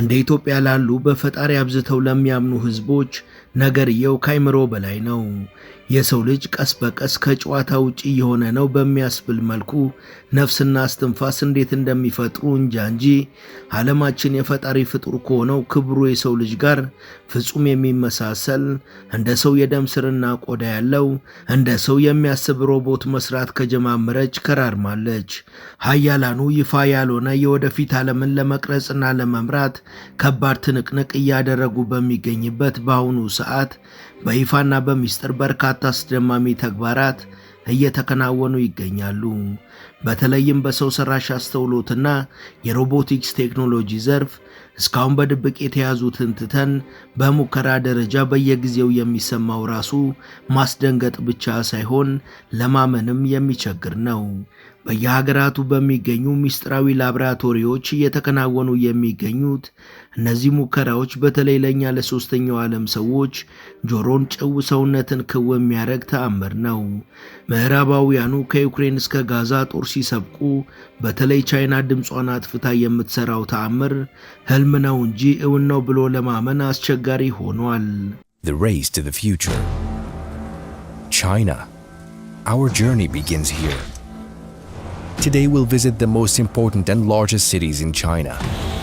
እንደ ኢትዮጵያ ላሉ በፈጣሪ አብዝተው ለሚያምኑ ሕዝቦች ነገርየው ካይምሮ በላይ ነው። የሰው ልጅ ቀስ በቀስ ከጨዋታ ውጭ እየሆነ ነው በሚያስብል መልኩ ነፍስና አስትንፋስ እንዴት እንደሚፈጥሩ እንጃ እንጂ ዓለማችን የፈጣሪ ፍጡር ከሆነው ክብሩ የሰው ልጅ ጋር ፍጹም የሚመሳሰል እንደ ሰው የደም ስርና ቆዳ ያለው እንደ ሰው የሚያስብ ሮቦት መስራት ከጀማመረች ከራርማለች። ሀያላኑ ይፋ ያልሆነ የወደፊት ዓለምን ለመቅረጽና ለመምራት ከባድ ትንቅንቅ እያደረጉ በሚገኝበት በአሁኑ ሰዓት በይፋና በሚስጥር በርካታ አስደማሚ ተግባራት እየተከናወኑ ይገኛሉ። በተለይም በሰው ሰራሽ አስተውሎትና የሮቦቲክስ ቴክኖሎጂ ዘርፍ እስካሁን በድብቅ የተያዙትን ትተን በሙከራ ደረጃ በየጊዜው የሚሰማው ራሱ ማስደንገጥ ብቻ ሳይሆን ለማመንም የሚቸግር ነው። በየሀገራቱ በሚገኙ ምስጢራዊ ላብራቶሪዎች እየተከናወኑ የሚገኙት እነዚህ ሙከራዎች በተለይ ለእኛ ለሦስተኛው ዓለም ሰዎች ጆሮን ጨው ሰውነትን ክው የሚያደርግ ተአምር ነው። ምዕራባውያኑ ከዩክሬን እስከ ጋዛ ጦር ሲሰብቁ በተለይ ቻይና ድምጿን አጥፍታ የምትሠራው ተአምር ሕልም ነው እንጂ እውን ነው ብሎ ለማመን አስቸጋሪ ሆኗል። The race to the future. China. Our journey begins here. Today we'll visit the most important and largest cities in China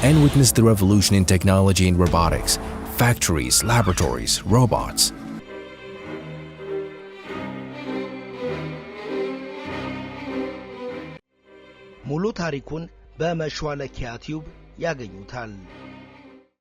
and witness the revolution in technology and robotics, factories, laboratories, robots. ሙሉ ታሪኩን በመሿለኪያ ቲዩብ ያገኙታል።